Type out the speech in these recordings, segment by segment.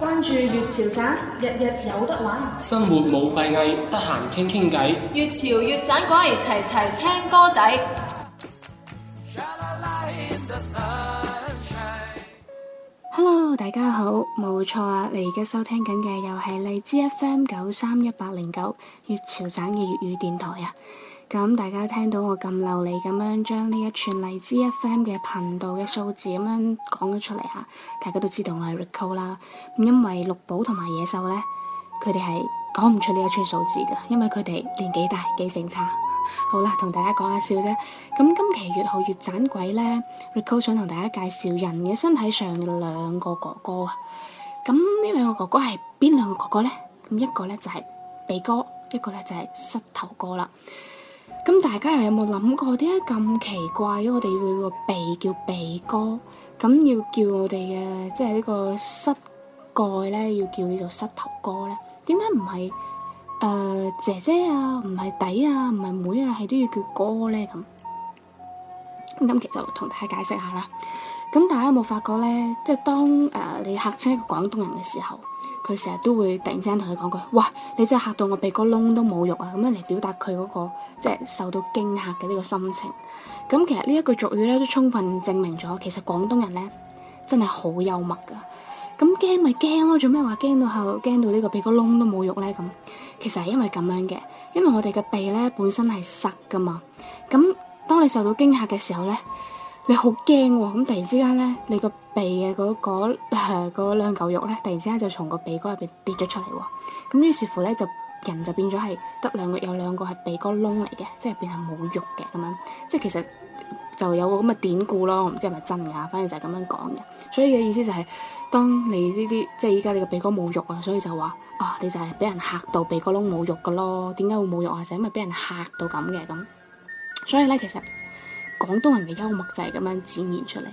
關注粵潮盞，日日有得玩。生活冇閉翳，得閒傾傾偈。粵潮粵盞，講嚟齊齊聽歌仔。 Hello，大家好，冇錯啊，你而家收聽緊嘅又係荔枝 FM 九三一八零九粵潮盞嘅粵語電台啊！咁大家聽到我咁流利咁樣將呢一串荔枝 FM 嘅頻道嘅數字咁樣講咗出嚟嚇，大家都知道我係 Rico 啦。咁因為綠寶同埋野獸呢，佢哋係講唔出呢一串數字嘅，因為佢哋年紀大，記性差。 好啦，同大家講下笑啫。咁今期粵學越盞鬼呢，Rico 想同大家介紹人嘅身體上嘅兩個哥哥啊。咁呢兩個哥哥係邊兩個哥哥呢？咁一個呢就係鼻哥，一個呢就係膝頭哥啦。咁大家又有冇諗過，點解咁奇怪？我哋會個鼻叫鼻哥，咁要叫我哋嘅，即係呢個膝蓋咧，要叫叫做膝頭哥咧？點解唔係誒姐姐啊，唔係弟啊，唔係妹妹啊，係都要叫哥咧？咁今期就同大家解釋下啦。咁大家有冇發覺咧？即係當誒、呃、你嚇親一個廣東人嘅時候。佢成日都會突然之間同佢講句，哇！你真係嚇到我鼻哥窿都冇肉啊，咁樣嚟表達佢嗰個即係受到驚嚇嘅呢個心情。咁其實呢一句俗語咧，都充分證明咗其實廣東人咧真係好幽默噶。咁驚咪驚咯，做咩話驚到後驚到呢個鼻哥窿都冇肉咧？咁其實係因為咁樣嘅，因為我哋嘅鼻咧本身係塞噶嘛。咁當你受到驚嚇嘅時候咧。你好驚喎、哦，咁突然之間咧，你鼻、那個鼻嘅嗰個兩嚿肉咧，突然之間就從個鼻哥入邊跌咗出嚟喎、哦，咁於是乎咧就人就變咗係得兩個有兩個係鼻哥窿嚟嘅，即係變係冇肉嘅咁樣，即係其實就有個咁嘅典故咯，我唔知係咪真㗎，反而就係咁樣講嘅。所以嘅意思就係、是，當你呢啲即係依家你個鼻哥冇肉啊，所以就話啊、哦，你就係俾人嚇到鼻哥窿冇肉㗎咯，點解會冇肉啊？就係、是、因為俾人嚇到咁嘅咁，所以咧其實。廣東人嘅幽默就係咁樣展現出嚟，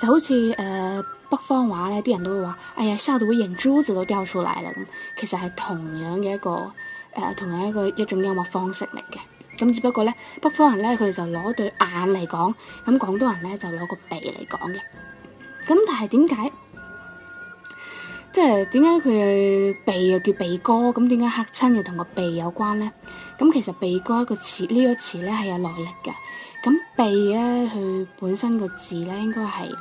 就好似誒、呃、北方話咧，啲人都會話，哎呀，嚇到眼珠子都掉出嚟啦！咁其實係同樣嘅一個誒、呃，同樣一個一種幽默方式嚟嘅。咁只不過咧，北方人咧佢哋就攞對眼嚟講，咁廣東人咧就攞個鼻嚟講嘅。咁但係點解？即係點解佢鼻又叫鼻哥？咁點解嚇親又同個鼻有關咧？咁其實鼻哥一個詞，呢、這個詞咧係有來歷嘅。咁鼻咧，佢本身個字咧，應該係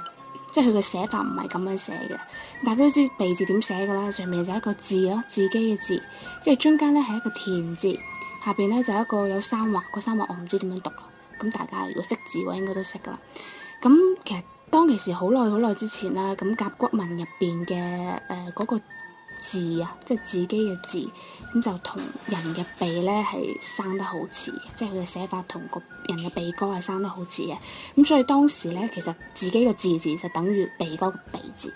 即係佢個寫法唔係咁樣寫嘅。大家都知鼻字點寫噶啦，上面就係一個字咯，自己嘅字，跟住中間咧係一個田字，下邊咧就係一個有三畫，個三畫我唔知點樣讀啦。咁大家如果識字嘅話，應該都識噶啦。咁其實當其時好耐好耐之前啦，咁甲骨文入邊嘅誒嗰個。字啊，即係自己嘅字，咁、嗯、就同人嘅鼻咧係生得好似嘅，即係佢嘅寫法同個人嘅鼻哥係生得好似嘅，咁、嗯、所以當時咧其實自己嘅字字就等於鼻哥嘅鼻字，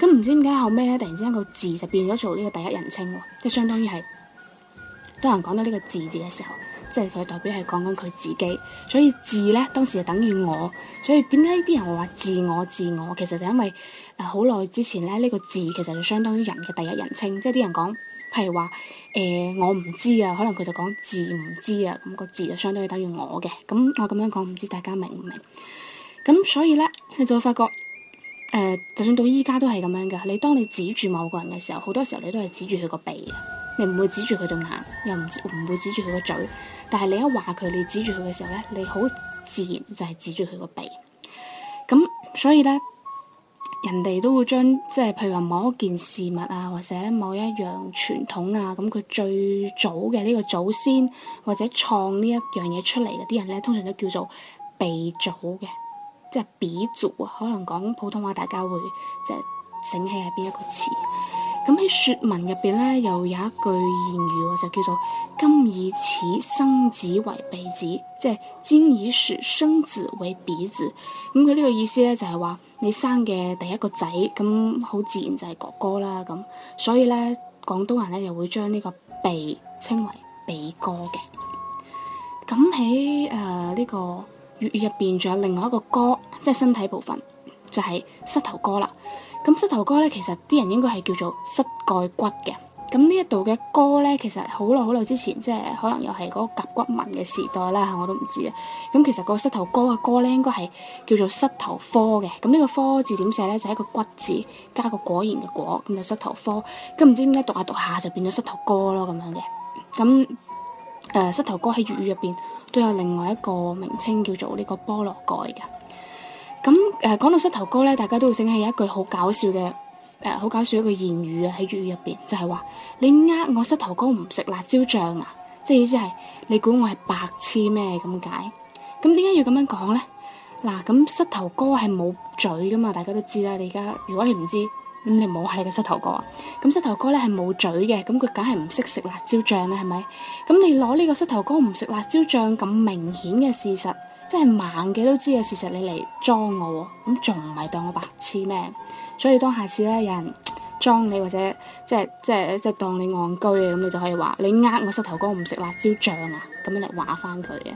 咁、嗯、唔知點解後尾咧突然之間個字就變咗做呢個第一人稱、啊，即係相當於係當人講到呢個字字嘅時候。即係佢代表係講緊佢自己，所以字咧當時就等於我。所以點解呢啲人會話自我自我？其實就因為誒好耐之前咧，呢個字其實就相當於人嘅第一人稱，即係啲人講，譬如話誒、呃、我唔知啊，可能佢就講字唔知啊，咁個字就相當於等於我嘅。咁我咁樣講唔知大家明唔明？咁所以咧，你就會發覺誒、呃，就算到依家都係咁樣嘅。你當你指住某個人嘅時候，好多時候你都係指住佢個鼻啊，你唔會指住佢對眼，又唔唔會指住佢個嘴。但係你一話佢，你指住佢嘅時候咧，你好自然就係指住佢個鼻。咁所以咧，人哋都會將即係譬如話某一件事物啊，或者某一樣傳統啊，咁佢最早嘅呢個祖先或者創呢一樣嘢出嚟嘅啲人咧，通常都叫做鼻祖嘅，即係鼻祖啊。可能講普通話，大家會即係醒起係邊一個詞。咁喺説文入邊咧，又有一句言語喎，就叫做「今以此生子為鼻子」，即係今以説生子為鼻子。咁佢呢個意思咧，就係、是、話你生嘅第一個仔，咁好自然就係哥哥啦。咁所以咧，廣東人咧又會將呢個鼻稱為鼻哥嘅。咁喺誒呢個粵語入邊，仲有另外一個哥，即係身體部分，就係、是、膝頭哥啦。咁膝頭哥咧，其實啲人應該係叫做膝蓋骨嘅。咁呢一度嘅哥咧，其實好耐好耐之前，即係可能又係嗰個甲骨文嘅時代啦，我都唔知啦。咁其實個膝頭哥嘅哥咧，應該係叫做膝頭科嘅。咁呢個科字點寫咧？就係一個骨字加個果然嘅果，咁就膝頭科。咁唔知點解讀下讀下就變咗膝頭哥咯咁樣嘅。咁誒、呃，膝頭哥喺粵語入邊都有另外一個名稱，叫做呢個菠蘿蓋嘅。咁誒講到膝頭哥咧，大家都會醒起有一句好搞笑嘅誒，好、呃、搞笑一句言語啊，喺粵語入邊就係、是、話：你呃我膝頭哥唔食辣椒醬啊！即係意思係你估我係白痴咩咁解？咁點解要咁樣講咧？嗱，咁膝頭哥係冇嘴噶嘛，大家都知啦。你而家如果你唔知，咁、嗯、你冇係你嘅膝頭哥啊。咁膝頭哥咧係冇嘴嘅，咁佢梗係唔識食辣椒醬啦、啊，係咪？咁你攞呢個膝頭哥唔食辣椒醬咁明顯嘅事實。即係盲嘅都知嘅事實你嚟裝我，咁仲唔係當我白痴咩？所以當下次咧有人裝你或者即係即係即係當你戇居啊，咁你就可以話，你呃我膝頭哥唔食辣椒醬啊，咁樣嚟話翻佢嘅。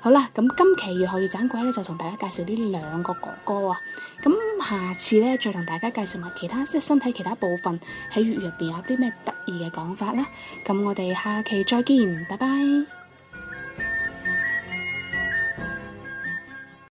好啦，咁今期粵學越盞鬼咧就同大家介紹呢兩個哥哥啊。咁下次咧再同大家介紹埋其他即係身體其他部分喺粵語入邊有啲咩得意嘅講法啦。咁我哋下期再見，拜拜。